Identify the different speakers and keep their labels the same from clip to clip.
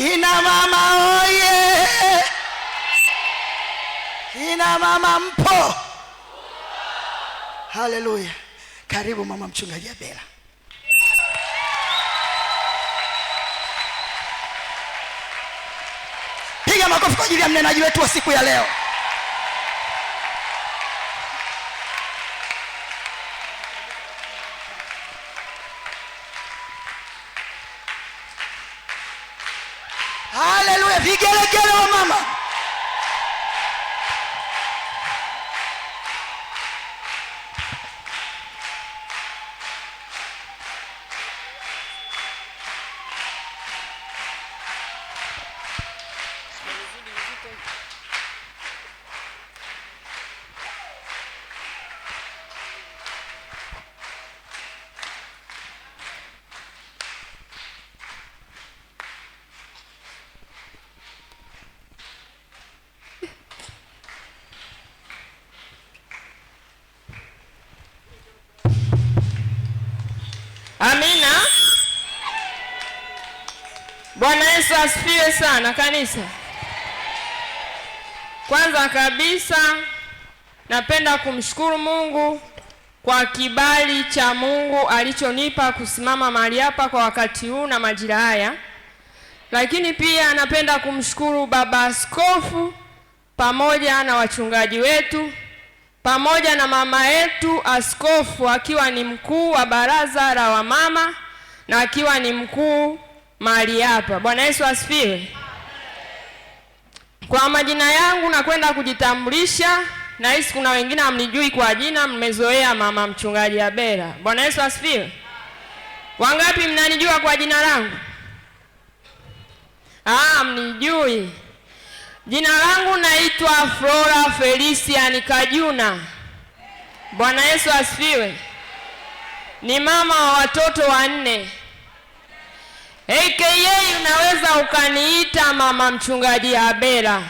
Speaker 1: Kina mama oye! Kina mama mpo! Haleluya! Karibu mama mchungaji Abela. Piga makofi kwa ajili ya mnenaji wetu wa siku ya leo. Ligele gele mamãe. Yesu asifiwe sana kanisa. Kwanza kabisa napenda kumshukuru Mungu kwa kibali cha Mungu alichonipa kusimama mahali hapa kwa wakati huu na majira haya. Lakini pia napenda kumshukuru baba askofu pamoja na wachungaji wetu pamoja na mama yetu askofu akiwa ni mkuu wa baraza la wamama na akiwa ni mkuu mahali hapa. Bwana Yesu asifiwe. Kwa majina yangu nakwenda kujitambulisha, na hisi kuna wengine hamnijui kwa jina, mmezoea mama mchungaji Abela. Bwana Yesu asifiwe. Wangapi mnanijua kwa jina langu? Ah, mnijui. Jina langu naitwa Flora Felician Kajuna. Bwana Yesu asifiwe. Ni mama wa watoto wanne. AKA unaweza ukaniita mama mchungaji Abela.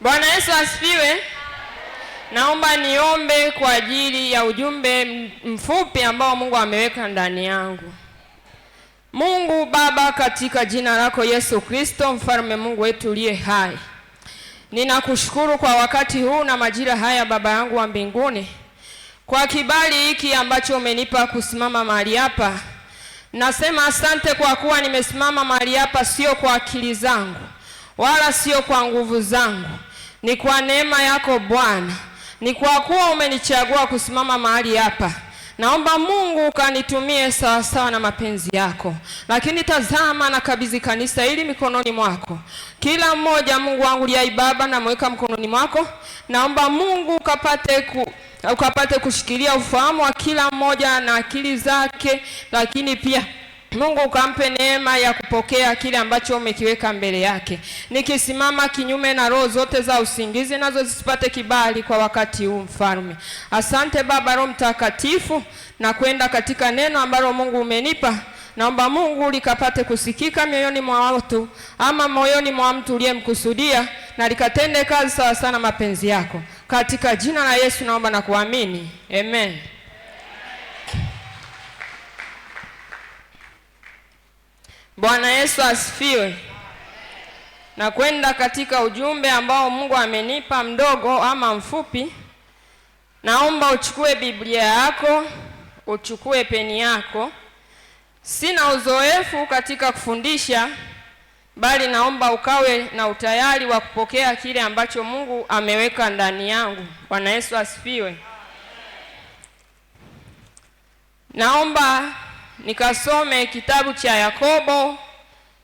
Speaker 1: Bwana Yesu asifiwe. Naomba niombe kwa ajili ya ujumbe mfupi ambao Mungu ameweka ndani yangu. Mungu Baba, katika jina lako Yesu Kristo, mfalme Mungu wetu uliye hai, ninakushukuru kwa wakati huu na majira haya, Baba yangu wa mbinguni, kwa kibali hiki ambacho umenipa kusimama mahali hapa. Nasema asante kwa kuwa nimesimama mahali hapa, sio kwa akili zangu wala sio kwa nguvu zangu, ni kwa neema yako Bwana, ni kwa kuwa umenichagua kusimama mahali hapa. Naomba Mungu ukanitumie sawasawa na mapenzi yako. Lakini tazama, nakabidhi kanisa hili mikononi mwako, kila mmoja, Mungu wangu liai Baba, namweka mkononi mwako. Naomba Mungu ukapate ku ukapate kushikilia ufahamu wa kila mmoja na akili zake, lakini pia Mungu ukampe neema ya kupokea kile ambacho umekiweka mbele yake. Nikisimama kinyume na roho zote za usingizi, nazo zisipate kibali kwa wakati huu, Mfalme. Asante Baba, Roho Mtakatifu, na kwenda katika neno ambalo Mungu umenipa Naomba Mungu likapate kusikika mioyoni mwa watu ama moyoni mwa mtu uliyemkusudia, na likatende kazi sawa sana mapenzi yako, katika jina la Yesu naomba na kuamini, amen. Bwana Yesu asifiwe. Na kwenda katika ujumbe ambao Mungu amenipa mdogo ama mfupi, naomba uchukue Biblia yako, uchukue peni yako. Sina uzoefu katika kufundisha, bali naomba ukawe na utayari wa kupokea kile ambacho Mungu ameweka ndani yangu. Bwana Yesu asifiwe. Naomba nikasome kitabu cha Yakobo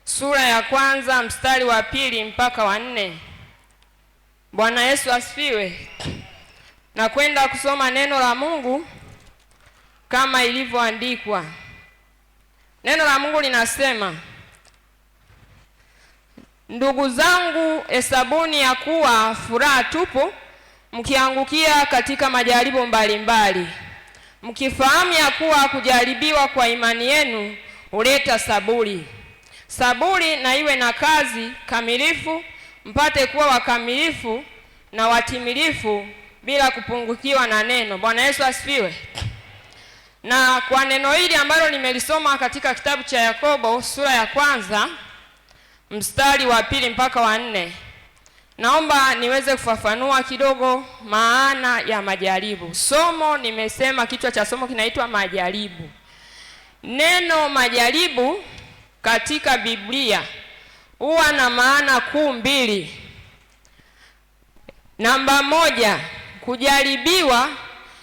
Speaker 1: sura ya kwanza mstari wa pili mpaka wa nne. Bwana Yesu asifiwe. Nakwenda kusoma neno la Mungu kama ilivyoandikwa. Neno la Mungu linasema, ndugu zangu, hesabuni ya kuwa furaha tupu mkiangukia katika majaribu mbalimbali mbali mkifahamu ya kuwa kujaribiwa kwa imani yenu huleta saburi. Saburi na iwe na kazi kamilifu, mpate kuwa wakamilifu na watimilifu bila kupungukiwa na neno. Bwana Yesu asifiwe. Na kwa neno hili ambalo nimelisoma katika kitabu cha Yakobo sura ya kwanza mstari wa pili mpaka wa nne Naomba niweze kufafanua kidogo maana ya majaribu. Somo nimesema kichwa cha somo kinaitwa majaribu. Neno majaribu katika Biblia huwa na maana kuu mbili. Namba moja, kujaribiwa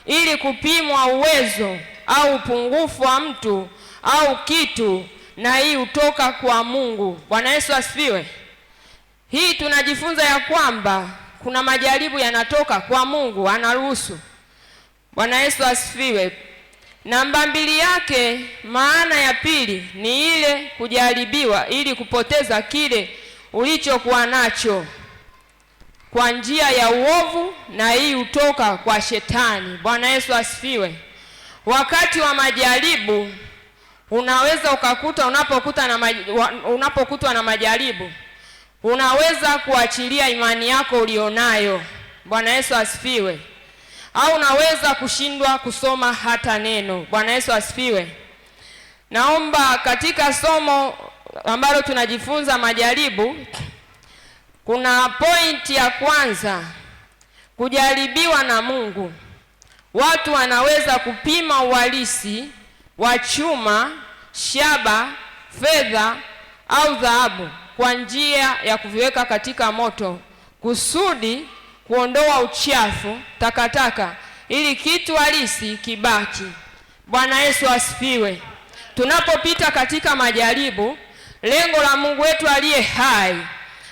Speaker 1: ili kupimwa uwezo au upungufu wa mtu au kitu, na hii hutoka kwa Mungu. Bwana Yesu asifiwe. Hii tunajifunza ya kwamba kuna majaribu yanatoka kwa Mungu, anaruhusu. Bwana Yesu asifiwe. Namba mbili yake, maana ya pili ni ile kujaribiwa ili kupoteza kile ulichokuwa nacho kwa njia ya uovu, na hii hutoka kwa Shetani. Bwana Yesu asifiwe. Wakati wa majaribu unaweza ukakuta unapokuta na unapokutwa na majaribu Unaweza kuachilia imani yako ulionayo. Bwana Yesu asifiwe. Au unaweza kushindwa kusoma hata neno. Bwana Yesu asifiwe. Naomba katika somo ambalo tunajifunza majaribu, kuna pointi ya kwanza, kujaribiwa na Mungu. Watu wanaweza kupima uhalisi wa chuma, shaba, fedha au dhahabu kwa njia ya kuviweka katika moto kusudi kuondoa uchafu takataka, ili kitu halisi kibaki. Bwana Yesu asifiwe. Tunapopita katika majaribu, lengo la Mungu wetu aliye hai,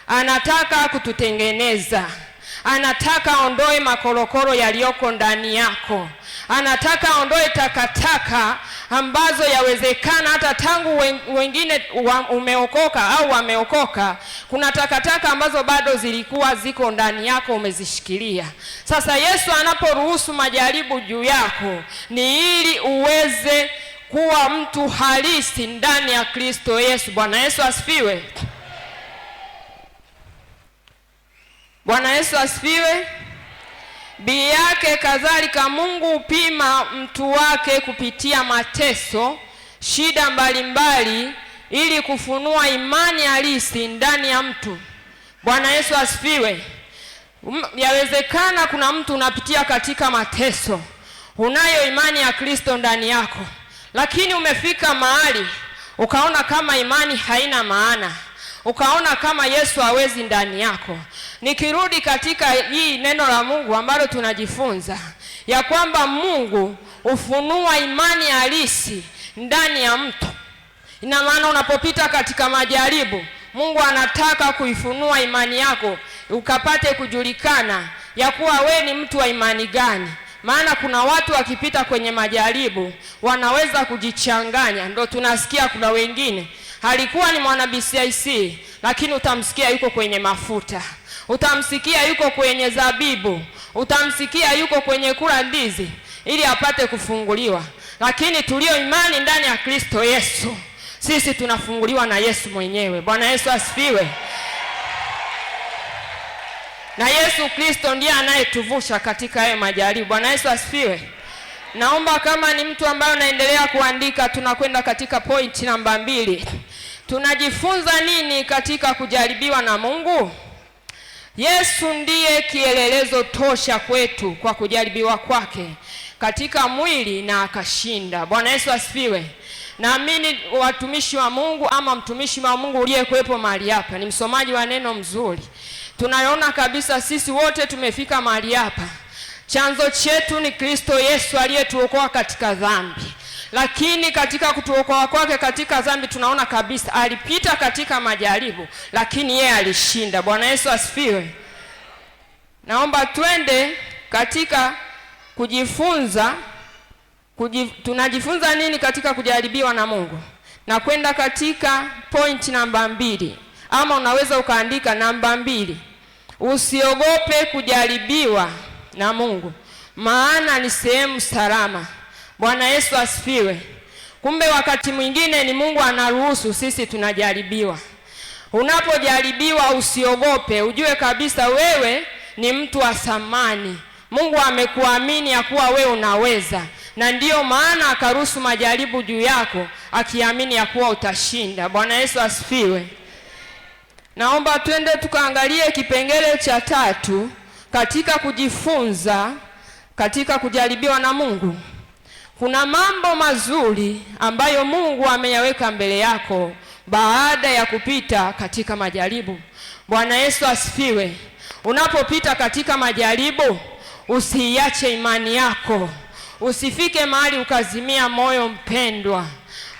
Speaker 1: anataka kututengeneza, anataka aondoe makorokoro yaliyoko ndani yako anataka aondoe takataka ambazo yawezekana hata tangu wengine umeokoka au wameokoka, kuna takataka ambazo bado zilikuwa ziko ndani yako, umezishikilia. Sasa Yesu anaporuhusu majaribu juu yako ni ili uweze kuwa mtu halisi ndani ya Kristo Yesu. Bwana Yesu asifiwe! Bwana Yesu asifiwe! Bii yake kadhalika, Mungu hupima mtu wake kupitia mateso, shida mbalimbali, ili kufunua imani halisi ndani ya mtu. Bwana Yesu asifiwe. Yawezekana kuna mtu unapitia katika mateso, unayo imani ya Kristo ndani yako, lakini umefika mahali ukaona kama imani haina maana ukaona kama Yesu hawezi ndani yako. Nikirudi katika hii neno la Mungu ambalo tunajifunza ya kwamba Mungu hufunua imani halisi ndani ya mtu. Ina maana unapopita katika majaribu, Mungu anataka kuifunua imani yako ukapate kujulikana ya kuwa we ni mtu wa imani gani. Maana kuna watu wakipita kwenye majaribu wanaweza kujichanganya, ndo tunasikia kuna wengine alikuwa ni mwana BCIC, lakini utamsikia yuko kwenye mafuta, utamsikia yuko kwenye zabibu, utamsikia yuko kwenye kula ndizi ili apate kufunguliwa. Lakini tulio imani ndani ya Kristo Yesu, sisi tunafunguliwa na Yesu mwenyewe. Bwana Yesu asifiwe. Na Yesu Kristo ndiye anayetuvusha katika hayo majaribu. Bwana Yesu asifiwe. Naomba kama ni mtu ambaye unaendelea kuandika, tunakwenda katika point namba mbili. Tunajifunza nini katika kujaribiwa na Mungu? Yesu ndiye kielelezo tosha kwetu kwa kujaribiwa kwake katika mwili na akashinda. Bwana Yesu asifiwe. Naamini watumishi wa Mungu ama mtumishi wa Mungu uliyekuwepo mahali hapa ni msomaji wa neno mzuri. Tunaona kabisa sisi wote tumefika mahali hapa, chanzo chetu ni Kristo Yesu aliyetuokoa katika dhambi lakini katika kutuokoa kwake katika dhambi tunaona kabisa alipita katika majaribu, lakini yeye alishinda. Bwana Yesu asifiwe. Naomba twende katika kujifunza kujif, tunajifunza nini katika kujaribiwa na Mungu na kwenda katika point namba mbili, ama unaweza ukaandika namba mbili, usiogope kujaribiwa na Mungu maana ni sehemu salama. Bwana Yesu asifiwe. Kumbe wakati mwingine ni Mungu anaruhusu sisi tunajaribiwa. Unapojaribiwa usiogope, ujue kabisa wewe ni mtu wa thamani. Mungu amekuamini ya kuwa wewe unaweza, na ndiyo maana akaruhusu majaribu juu yako, akiamini ya kuwa utashinda. Bwana Yesu asifiwe. Naomba twende tukaangalie kipengele cha tatu katika kujifunza katika kujaribiwa na Mungu. Kuna mambo mazuri ambayo Mungu ameyaweka mbele yako baada ya kupita katika majaribu. Bwana Yesu asifiwe. Unapopita katika majaribu, usiiache imani yako, usifike mahali ukazimia moyo, mpendwa,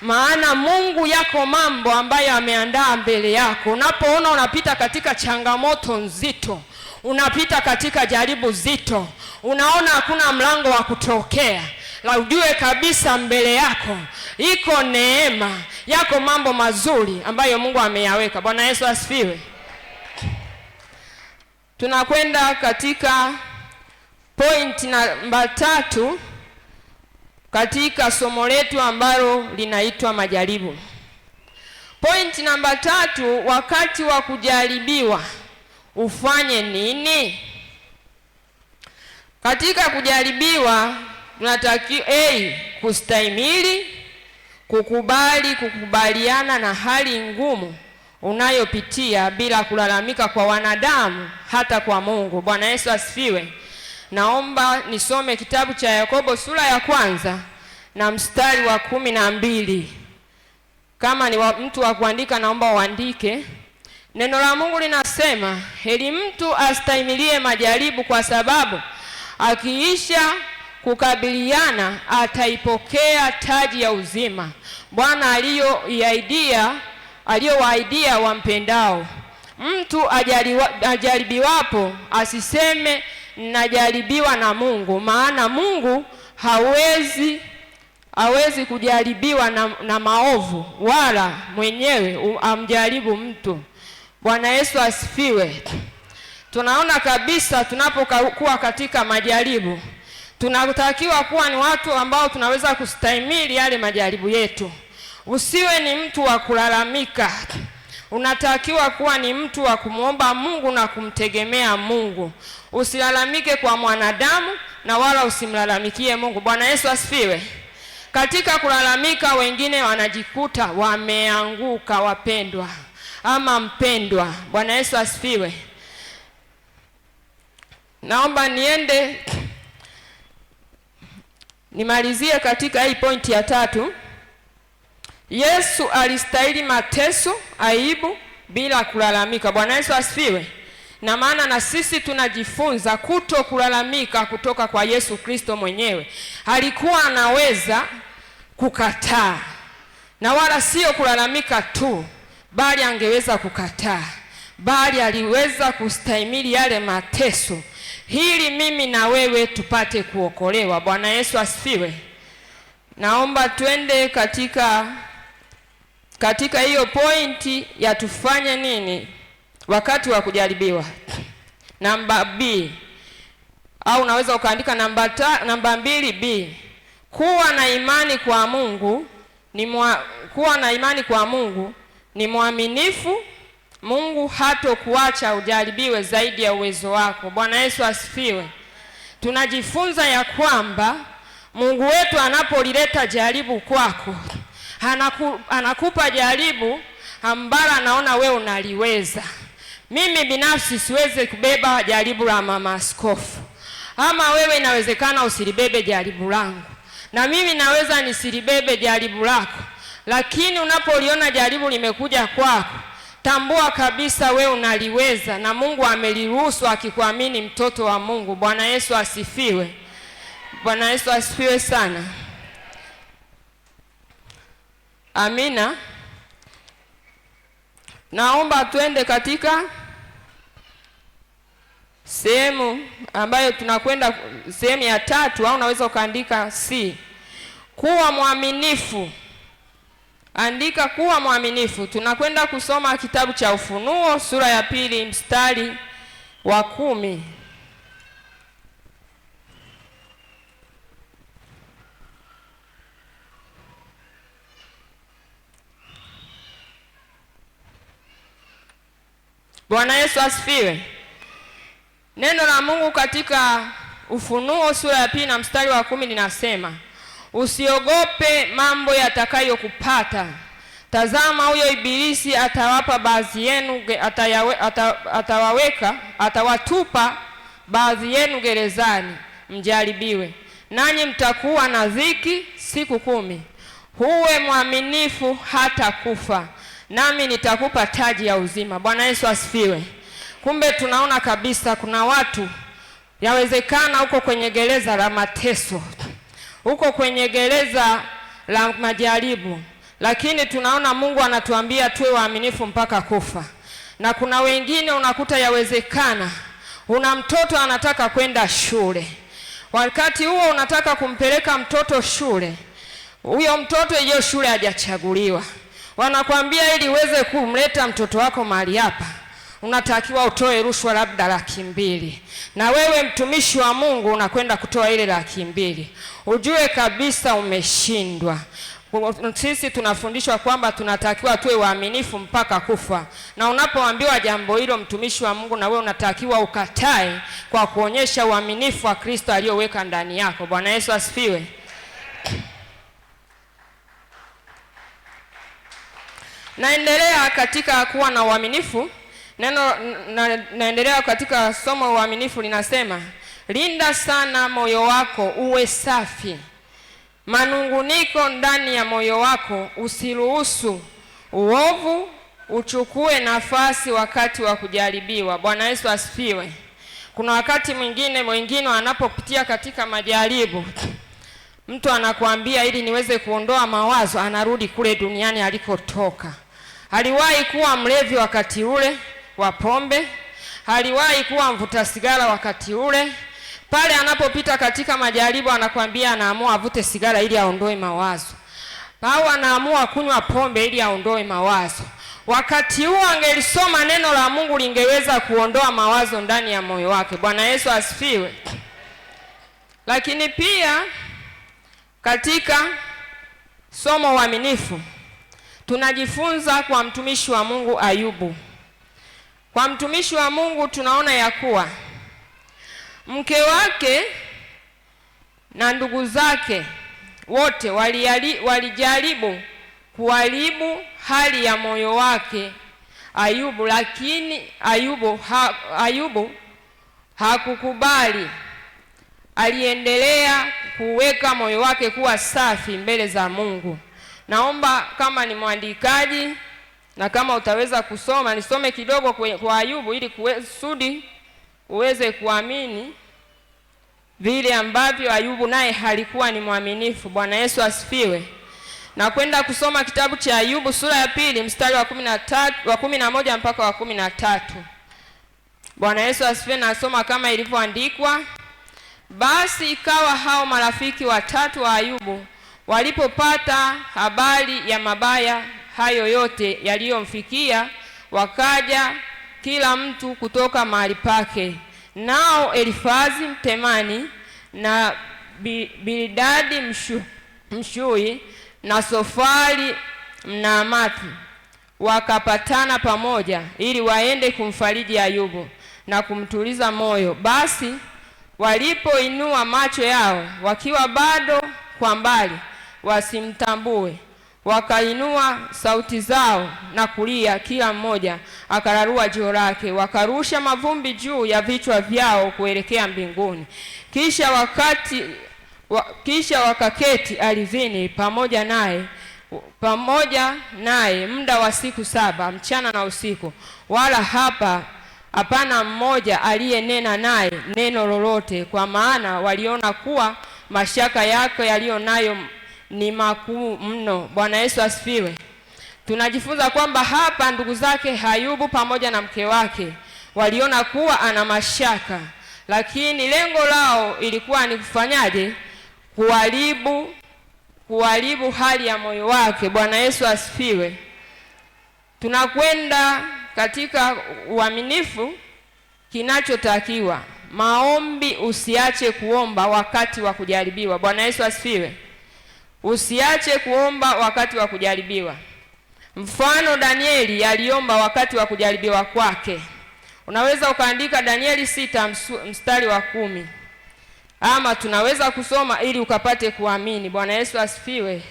Speaker 1: maana Mungu yako mambo ambayo ameandaa mbele yako. Unapoona unapita katika changamoto nzito, unapita katika jaribu zito, unaona hakuna mlango wa kutokea la ujue kabisa mbele yako iko neema, yako mambo mazuri ambayo Mungu ameyaweka. Bwana Yesu asifiwe. Tunakwenda katika point namba tatu katika somo letu ambalo linaitwa majaribu. Point namba tatu, wakati wa kujaribiwa ufanye nini? Katika kujaribiwa tunatakiwa hey, kustahimili, kukubali, kukubaliana na hali ngumu unayopitia bila kulalamika kwa wanadamu, hata kwa Mungu. Bwana Yesu asifiwe. Naomba nisome kitabu cha Yakobo sura ya kwanza na mstari wa kumi na mbili. Kama ni wa, mtu wa kuandika naomba uandike. Neno la Mungu linasema heri mtu astahimilie majaribu, kwa sababu akiisha kukabiliana, ataipokea taji ya uzima Bwana aliyoiaidia aliyowaidia wampendao. Mtu ajaribiwapo asiseme najaribiwa na Mungu, maana Mungu hawezi hawezi kujaribiwa na, na maovu wala mwenyewe amjaribu mtu. Bwana Yesu asifiwe. Tunaona kabisa tunapokuwa katika majaribu tunatakiwa kuwa ni watu ambao tunaweza kustahimili yale majaribu yetu. Usiwe ni mtu wa kulalamika, unatakiwa kuwa ni mtu wa kumwomba Mungu na kumtegemea Mungu. Usilalamike kwa mwanadamu na wala usimlalamikie Mungu. Bwana Yesu asifiwe. Katika kulalamika, wengine wanajikuta wameanguka, wapendwa ama mpendwa. Bwana Yesu asifiwe. Naomba niende Nimalizie katika hii pointi ya tatu. Yesu alistahili mateso, aibu bila kulalamika. Bwana Yesu asifiwe. Na maana na sisi tunajifunza kuto kulalamika kutoka kwa Yesu Kristo mwenyewe. Alikuwa anaweza kukataa na wala sio kulalamika tu, bali angeweza kukataa, bali aliweza kustahimili yale mateso hili mimi na wewe tupate kuokolewa. Bwana Yesu asifiwe. Naomba twende katika katika hiyo pointi ya tufanye nini wakati wa kujaribiwa. Namba B au unaweza ukaandika namba ta, namba mbili B, kuwa na imani kwa Mungu ni mwa, kuwa na imani kwa Mungu ni mwaminifu Mungu hatokuacha ujaribiwe zaidi ya uwezo wako. Bwana Yesu asifiwe. Tunajifunza ya kwamba Mungu wetu anapolileta jaribu kwako, anaku, anakupa jaribu ambalo anaona we unaliweza. Mimi binafsi siwezi kubeba jaribu la mama askofu, ama wewe inawezekana usilibebe jaribu langu, na mimi naweza nisilibebe jaribu lako, lakini unapoliona jaribu limekuja kwako Tambua kabisa we unaliweza na Mungu ameliruhusu akikuamini, mtoto wa Mungu. Bwana Yesu asifiwe. Bwana Yesu asifiwe sana. Amina. Naomba twende katika sehemu ambayo tunakwenda, sehemu ya tatu, au unaweza ukaandika C, kuwa mwaminifu Andika kuwa mwaminifu. Tunakwenda kusoma kitabu cha Ufunuo sura ya pili mstari wa kumi. Bwana Yesu asifiwe. Neno la Mungu katika Ufunuo sura ya pili na mstari wa kumi linasema Usiogope mambo yatakayokupata. Tazama, huyo Ibilisi atawapa baadhi yenu, atawaweka, atawatupa baadhi yenu gerezani, mjaribiwe, nanyi mtakuwa na dhiki siku kumi. Huwe mwaminifu hata kufa, nami nitakupa taji ya uzima. Bwana Yesu asifiwe. Kumbe tunaona kabisa kuna watu yawezekana huko kwenye gereza la mateso, huko kwenye gereza la majaribu, lakini tunaona Mungu anatuambia tuwe waaminifu mpaka kufa. Na kuna wengine unakuta yawezekana una mtoto anataka kwenda shule, wakati huo unataka kumpeleka mtoto shule, huyo mtoto hiyo shule hajachaguliwa, wanakwambia ili uweze kumleta mtoto wako mahali hapa unatakiwa utoe rushwa labda laki mbili, na wewe mtumishi wa Mungu unakwenda kutoa ile laki mbili, ujue kabisa umeshindwa. Sisi tunafundishwa kwamba tunatakiwa tuwe waaminifu mpaka kufa, na unapoambiwa jambo hilo, mtumishi wa Mungu, na wewe unatakiwa ukatae kwa kuonyesha uaminifu wa Kristo aliyoweka ndani yako. Bwana Yesu asifiwe. Naendelea katika kuwa na uaminifu Neno naendelea katika somo uaminifu linasema, linda sana moyo wako uwe safi, manunguniko ndani ya moyo wako, usiruhusu uovu uchukue nafasi wakati wa kujaribiwa. Bwana Yesu asifiwe. Kuna wakati mwingine mwingine anapopitia katika majaribu, mtu anakuambia ili niweze kuondoa mawazo, anarudi kule duniani alikotoka. Aliwahi kuwa mlevi wakati ule wa pombe, haliwahi kuwa mvuta sigara wakati ule. Pale anapopita katika majaribu, anakwambia anaamua avute sigara ili aondoe mawazo, au anaamua kunywa pombe ili aondoe mawazo. Wakati huo angelisoma neno la Mungu lingeweza kuondoa mawazo ndani ya moyo wake. Bwana Yesu asifiwe. Lakini pia katika somo uaminifu tunajifunza kwa mtumishi wa Mungu Ayubu. Kwa mtumishi wa Mungu tunaona ya kuwa mke wake na ndugu zake wote walijaribu kuharibu hali ya moyo wake Ayubu, lakini Ayubu, ha, Ayubu hakukubali. Aliendelea kuweka moyo wake kuwa safi mbele za Mungu. Naomba kama ni mwandikaji na kama utaweza kusoma nisome kidogo kwa Ayubu ili kusudi uweze kuamini vile ambavyo Ayubu naye halikuwa ni mwaminifu. Bwana Yesu asifiwe. Na kwenda kusoma kitabu cha Ayubu sura ya pili mstari wa kumi na tatu, wa kumi na moja mpaka wa kumi na tatu. Bwana Yesu asifiwe. Nasoma kama ilivyoandikwa: basi ikawa hao marafiki watatu wa Ayubu walipopata habari ya mabaya hayo yote yaliyomfikia, wakaja kila mtu kutoka mahali pake, nao Elifazi Mtemani na Bilidadi mshu, mshui na Sofari Mnaamathi wakapatana pamoja ili waende kumfariji Ayubu na kumtuliza moyo. Basi walipoinua macho yao wakiwa bado kwa mbali, wasimtambue Wakainua sauti zao na kulia, kila mmoja akararua joho lake, wakarusha mavumbi juu ya vichwa vyao kuelekea mbinguni. Kisha wakati wa, kisha wakaketi ardhini pamoja naye pamoja naye muda wa siku saba mchana na usiku, wala hapa hapana mmoja aliyenena naye neno lolote, kwa maana waliona kuwa mashaka yake yaliyo nayo ni makuu mno. Bwana Yesu asifiwe. Tunajifunza kwamba hapa ndugu zake Hayubu pamoja na mke wake waliona kuwa ana mashaka, lakini lengo lao ilikuwa ni kufanyaje? Kuharibu, kuharibu hali ya moyo wake. Bwana Yesu asifiwe. Tunakwenda katika uaminifu. Kinachotakiwa maombi, usiache kuomba wakati wa kujaribiwa. Bwana Yesu asifiwe. Usiache kuomba wakati wa kujaribiwa. Mfano, Danieli aliomba wakati wa kujaribiwa kwake. Unaweza ukaandika Danieli sita mstari wa kumi ama tunaweza kusoma ili ukapate kuamini. Bwana Yesu asifiwe.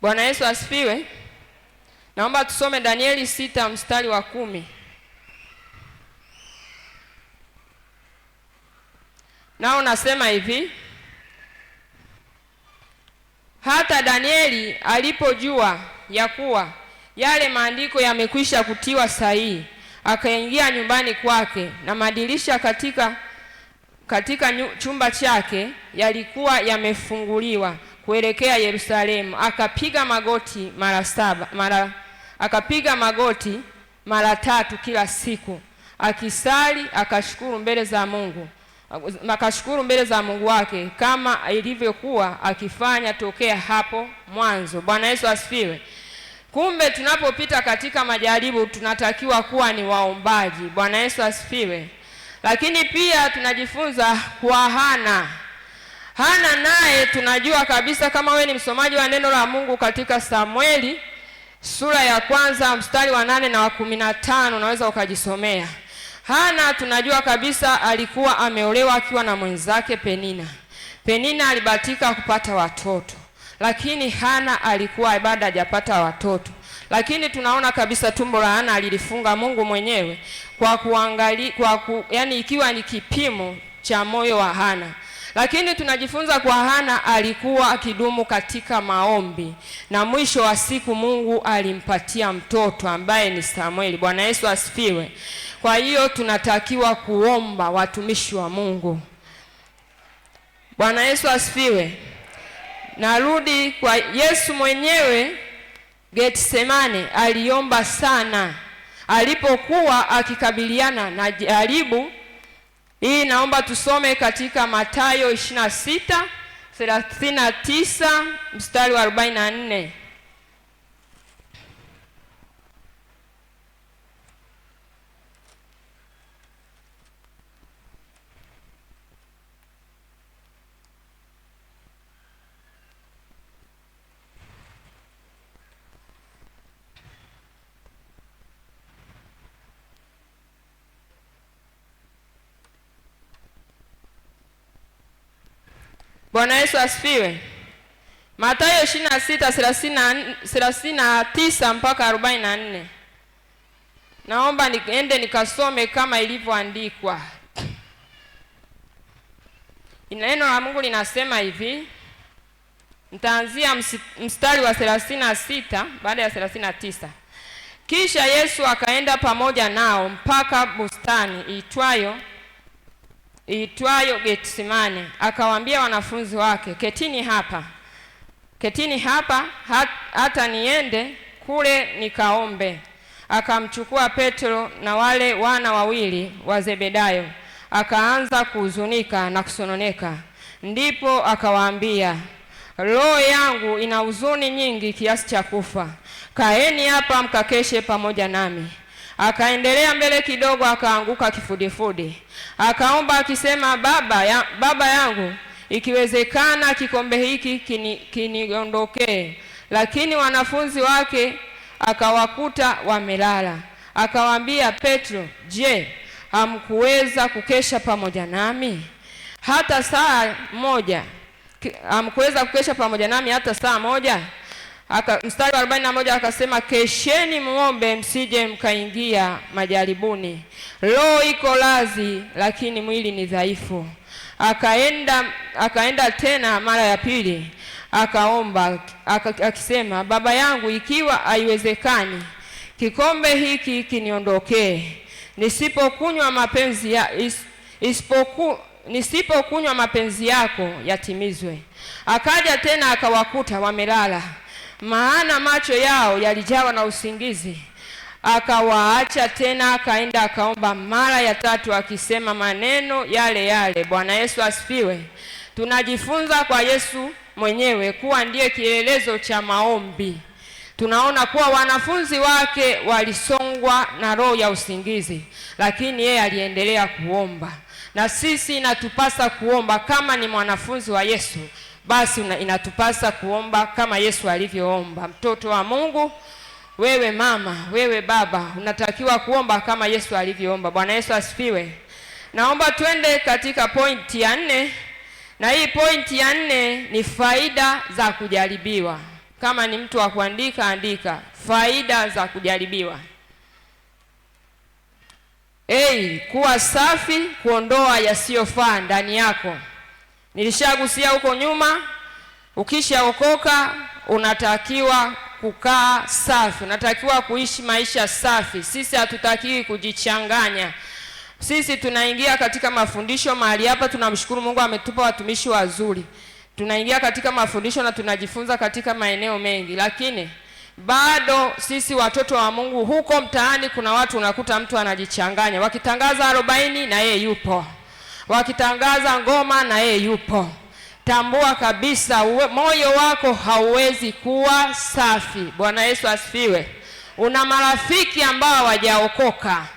Speaker 1: Bwana Yesu asifiwe. Naomba tusome Danieli sita mstari wa kumi. Nao nasema hivi: hata Danieli alipojua ya kuwa yale maandiko yamekwisha kutiwa sahihi, akaingia nyumbani kwake, na madirisha katika katika chumba chake yalikuwa yamefunguliwa kuelekea Yerusalemu, akapiga magoti mara saba mara akapiga magoti mara tatu kila siku akisali akashukuru mbele za Mungu akashukuru mbele za Mungu wake kama ilivyokuwa akifanya tokea hapo mwanzo. Bwana Yesu asifiwe. Kumbe tunapopita katika majaribu tunatakiwa kuwa ni waombaji. Bwana Yesu asifiwe. Lakini pia tunajifunza kwa Hana. Hana naye tunajua kabisa, kama we ni msomaji wa neno la Mungu katika Samueli sura ya kwanza mstari wa nane na wa kumi na tano unaweza ukajisomea. Hana tunajua kabisa alikuwa ameolewa akiwa na mwenzake Penina. Penina alibahatika kupata watoto, lakini Hana alikuwa bado hajapata watoto. Lakini tunaona kabisa tumbo la Hana alilifunga Mungu mwenyewe kwa kuangalia, kwa ku, yani ikiwa ni kipimo cha moyo wa Hana. Lakini tunajifunza kwa Hana alikuwa akidumu katika maombi na mwisho wa siku Mungu alimpatia mtoto ambaye ni Samueli. Bwana Yesu asifiwe. Kwa hiyo tunatakiwa kuomba watumishi wa Mungu. Bwana Yesu asifiwe. Narudi kwa Yesu mwenyewe Getsemane aliomba sana alipokuwa akikabiliana na jaribu hii naomba tusome katika Mathayo 26 39 mstari wa 44. Bwana Yesu asifiwe. Mathayo 26:39 mpaka 44. Naomba niende nikasome kama ilivyoandikwa. Neno la Mungu linasema hivi. Nitaanzia mstari wa 36 baada ya 39. Kisha Yesu akaenda pamoja nao mpaka bustani iitwayo iitwayo Getsemane, akawaambia wanafunzi wake, ketini hapa, ketini hapa hata niende kule nikaombe. Akamchukua Petro na wale wana wawili wa Zebedayo, akaanza kuhuzunika na kusononeka. Ndipo akawaambia, roho yangu ina huzuni nyingi kiasi cha kufa, kaeni hapa mkakeshe pamoja nami. Akaendelea mbele kidogo, akaanguka kifudifudi, akaomba akisema, baba, ya, baba yangu ikiwezekana kikombe hiki kiniondokee, kini lakini wanafunzi wake akawakuta wamelala. Akawaambia Petro, je, hamkuweza kukesha pamoja nami hata saa moja? Hamkuweza kukesha pamoja nami hata saa moja? Aka, mstari wa 41 akasema, kesheni muombe msije mkaingia majaribuni, roho iko lazi lakini mwili ni dhaifu. Akaenda, akaenda tena mara ya pili akaomba aka, akisema, Baba yangu, ikiwa haiwezekani kikombe hiki kiniondokee, nisipokunywa mapenzi ya, is, isipoku nisipokunywa mapenzi yako yatimizwe. Akaja tena akawakuta wamelala maana macho yao yalijawa na usingizi. Akawaacha tena akaenda akaomba mara ya tatu akisema maneno yale yale. Bwana Yesu asifiwe. Tunajifunza kwa Yesu mwenyewe kuwa ndiye kielelezo cha maombi. Tunaona kuwa wanafunzi wake walisongwa na roho ya usingizi, lakini yeye aliendelea kuomba, na sisi inatupasa kuomba kama ni mwanafunzi wa Yesu basi una, inatupasa kuomba kama Yesu alivyoomba. Mtoto wa Mungu, wewe mama, wewe baba, unatakiwa kuomba kama Yesu alivyoomba. Bwana Yesu asifiwe. Naomba twende katika pointi ya nne, na hii pointi ya nne ni faida za kujaribiwa. Kama ni mtu wa kuandika, andika faida za kujaribiwa. Ei, kuwa safi, kuondoa yasiyofaa ndani yako. Nilishagusia huko nyuma, ukishaokoka unatakiwa kukaa safi, unatakiwa kuishi maisha safi. Sisi hatutakiwi kujichanganya. Sisi tunaingia katika mafundisho mahali hapa, tunamshukuru Mungu ametupa watumishi wazuri, tunaingia katika mafundisho na tunajifunza katika maeneo mengi, lakini bado sisi watoto wa Mungu huko mtaani, kuna watu unakuta mtu anajichanganya, wakitangaza arobaini na yeye yupo wakitangaza ngoma na yeye yupo. Tambua kabisa uwe, moyo wako hauwezi kuwa safi. Bwana Yesu asifiwe. Una marafiki ambao hawajaokoka